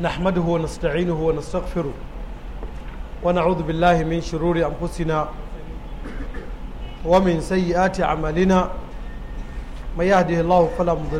نحمده ونستعينه ونستغفره ونعوذ بالله من شرور أنفسنا ومن سيئات أعمالنا من يهده الله فلا مضل